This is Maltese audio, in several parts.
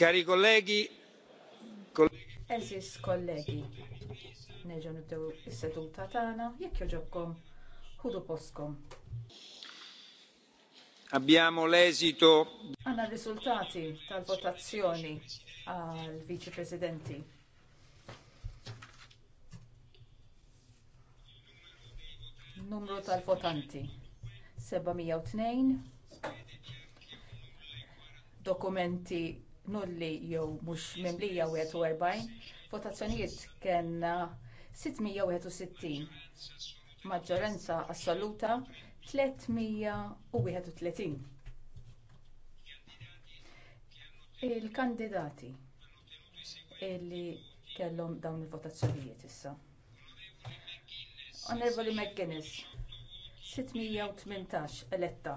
Kari colleghi, colleghi. Eżis kollegi, neġa nibdew is-seduta tagħna jekk joġobkom ħudu postkom. Abbiamo l'esito. Għanna r-riżultati tal-votazzjoni għal viċi presidenti. Numru tal-votanti 702 dokumenti nulli jew mhux mimlija votazzjonijiet kellna 661, maġġoranza assoluta 331. Il-kandidati illi kellhom dawn il-votazzjonijiet issa. Onorevoli McGuinness, 618 eletta.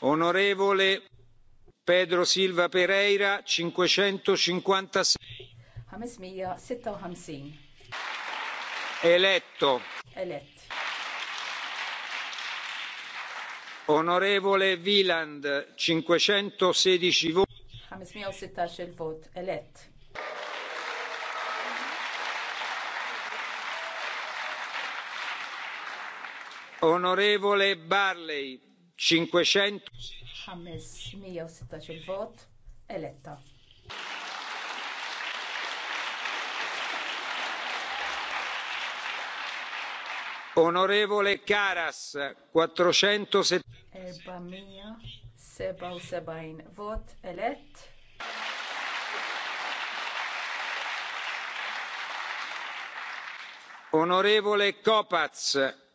Onorevole Pedro Silva Pereira 556. Eletto. Eletto. Onorevole Wieland cinquecentosedici voti. 516 il vot elett. Onorevole Barley, 500. vot, eletta. Onorevole Karas, 477 vot elett. Onorevole Kopacz,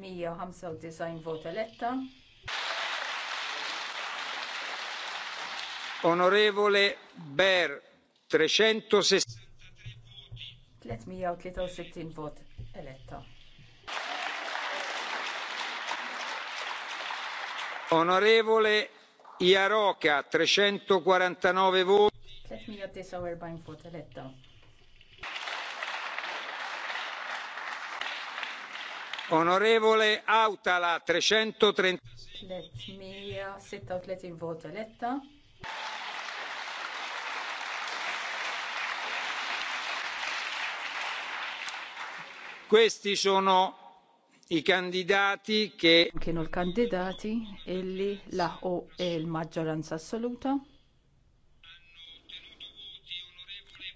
195 vot eletta. Onorevole Ber, 363 voti. 363 vot eletta. Onorevole Iaroca, 349 voti. 349 vot eletta. Onorevole Autala 336 336 vota letta. Questi sono i candidati che non candidati, elli la o laħqu il maggioranza assoluta.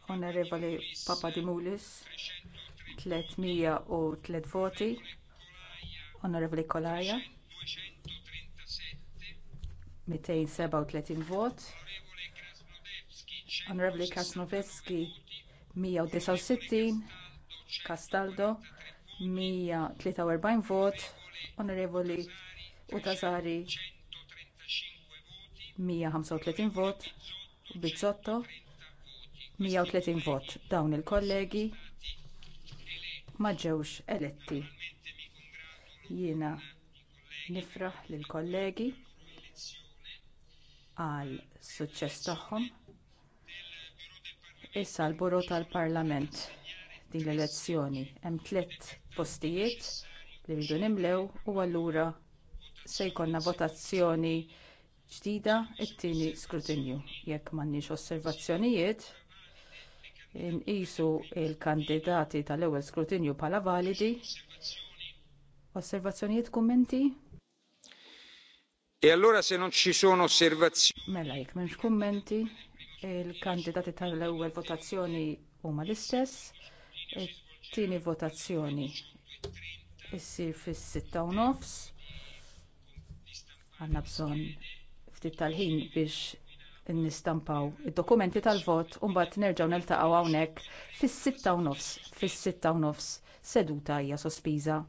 Onorevole Papa Onorevoli Papadimoulis 303 voti, Onorevoli Kolarja. 237 vot. Onorevoli Kasnoveski 169, Castaldo 143 vot, Onorevoli Utazari 135 vot, Bizzotto 130 vot. Dawn il-kollegi ma ġewx eletti jiena nifraħ lill kollegi għal suċċess tagħhom. Issa l-Buru tal-Parlament din l-elezzjoni hemm tliet postijiet li rridu nimlew u allura se jkollna votazzjoni ġdida t tieni skrutinju. Jekk m'għandniex osservazzjonijiet, inqisu l kandidati tal-ewwel skrutinju bħala validi Osservazzjonijiet, kummenti? E allora se non ci sono osservazioni. Mela jekk m'hemmx kummenti, il-kandidati tal-ewwel votazzjoni huma l-istess, it-tieni votazzjoni issir fis-sitta u nofs. Għandna bżonn ftit tal-ħin biex nistampaw id-dokumenti tal-vot u mbagħad nerġgħu niltaqgħu hawnhekk fis-sitta u nofs, fis-sitta u nofs seduta hija sospiża.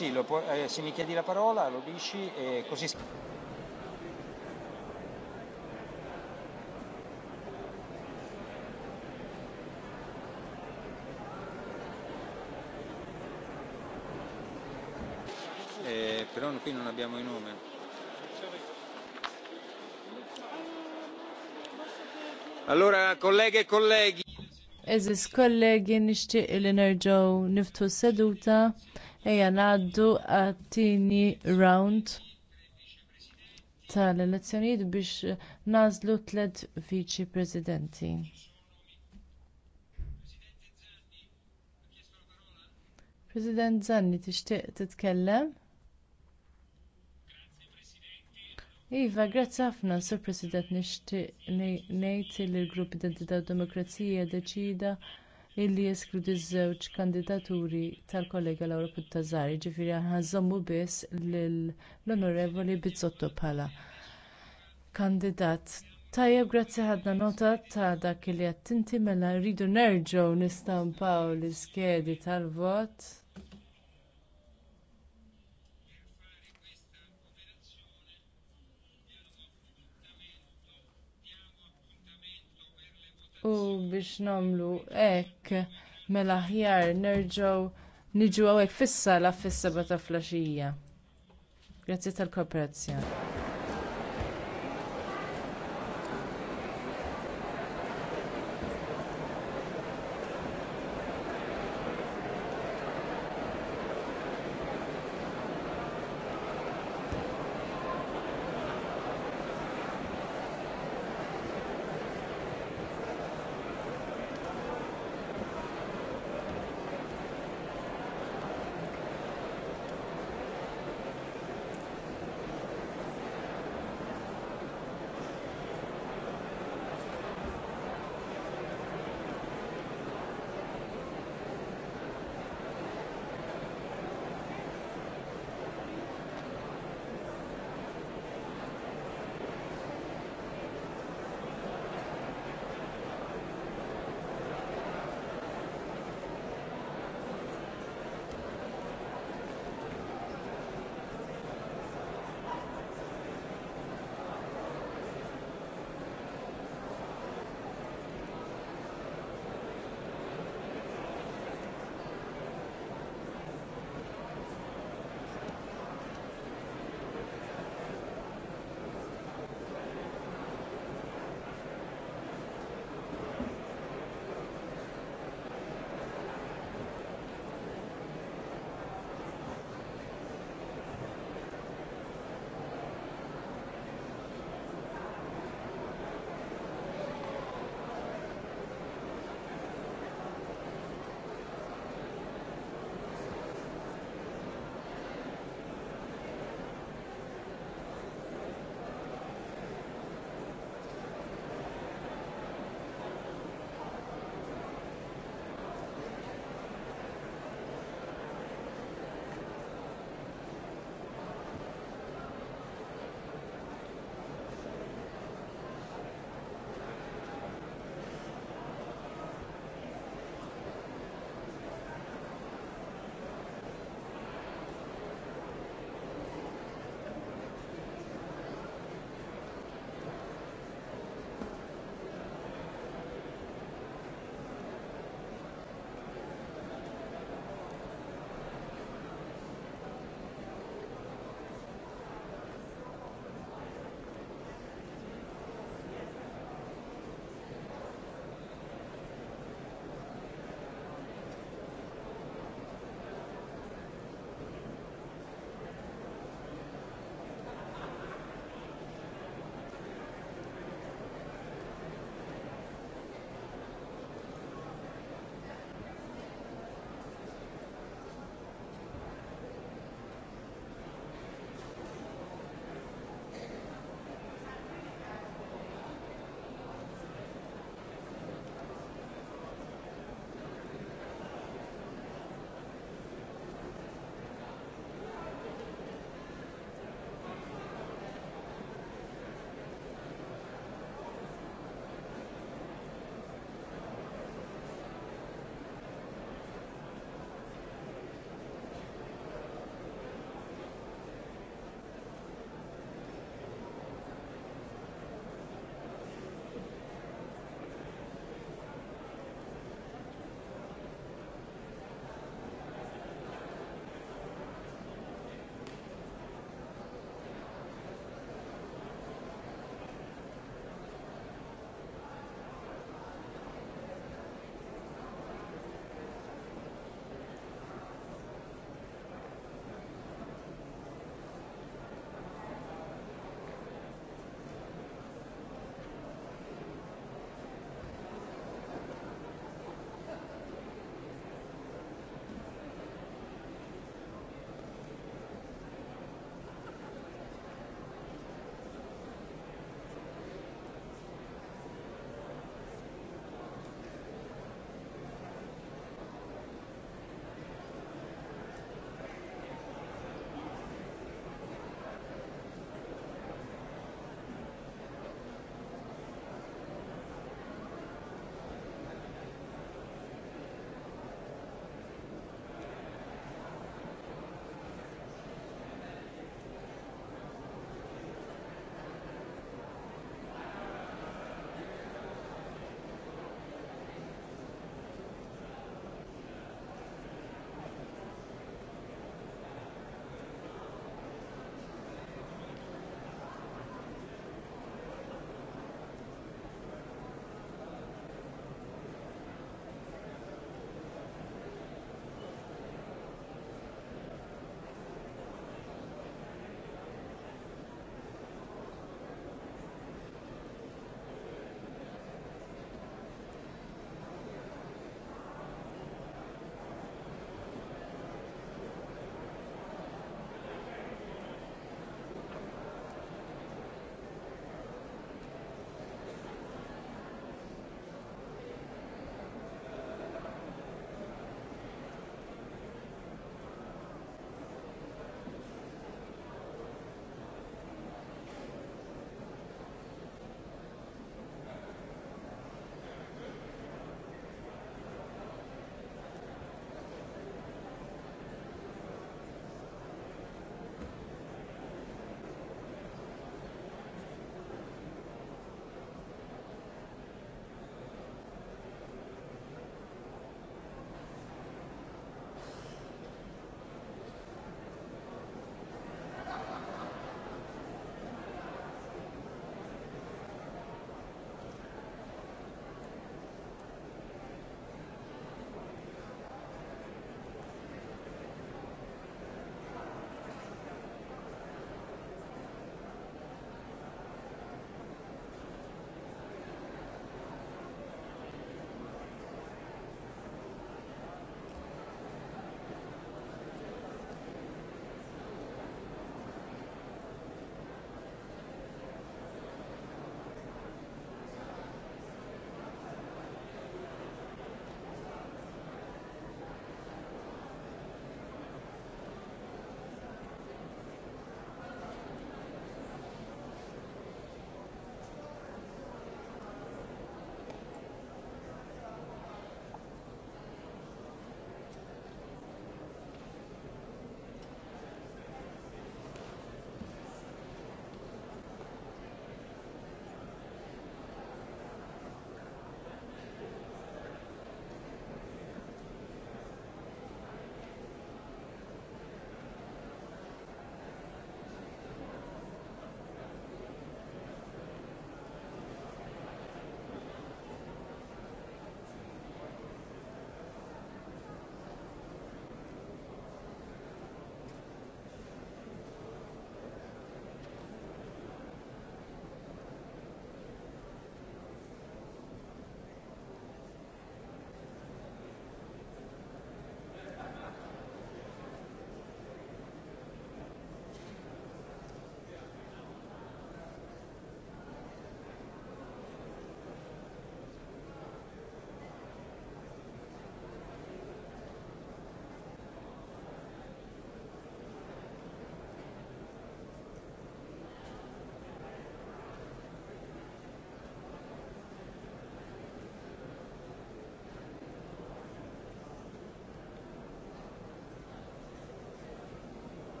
sì, lo può, eh, se mi chiedi la parola lo dici e così... Eh, però qui non abbiamo i nomi. Allora, colleghe e colleghi. Eżis kollegi nixtieq li nerġgħu niftu s seduta. Ejja ngħaddu għat-tieni round tal-elezzjonijiet biex nagħżlu tliet viċi presidenti president zanni tixtieq titkellem iva grazzi ħafna sur president nixtieq ngħid li l-grupp identità u demokrazija ddeċida illi jeskludi ż-żewġ kandidaturi tal-kollega laura pattazar jiġifieri aħna biss lill-onorevoli bizzotto bħala kandidat tajjeb grazzi ħafna nota ta' dak li qed inti mela rridu nerġgħu nistampaw l-iskedi tal-vot U biex nagħmlu hekk mela aħjar nerġgħu niġu hawnhekk fis-sala fis-seba' ta' filgħaxija. Grazzi tal-kooperazzjoni.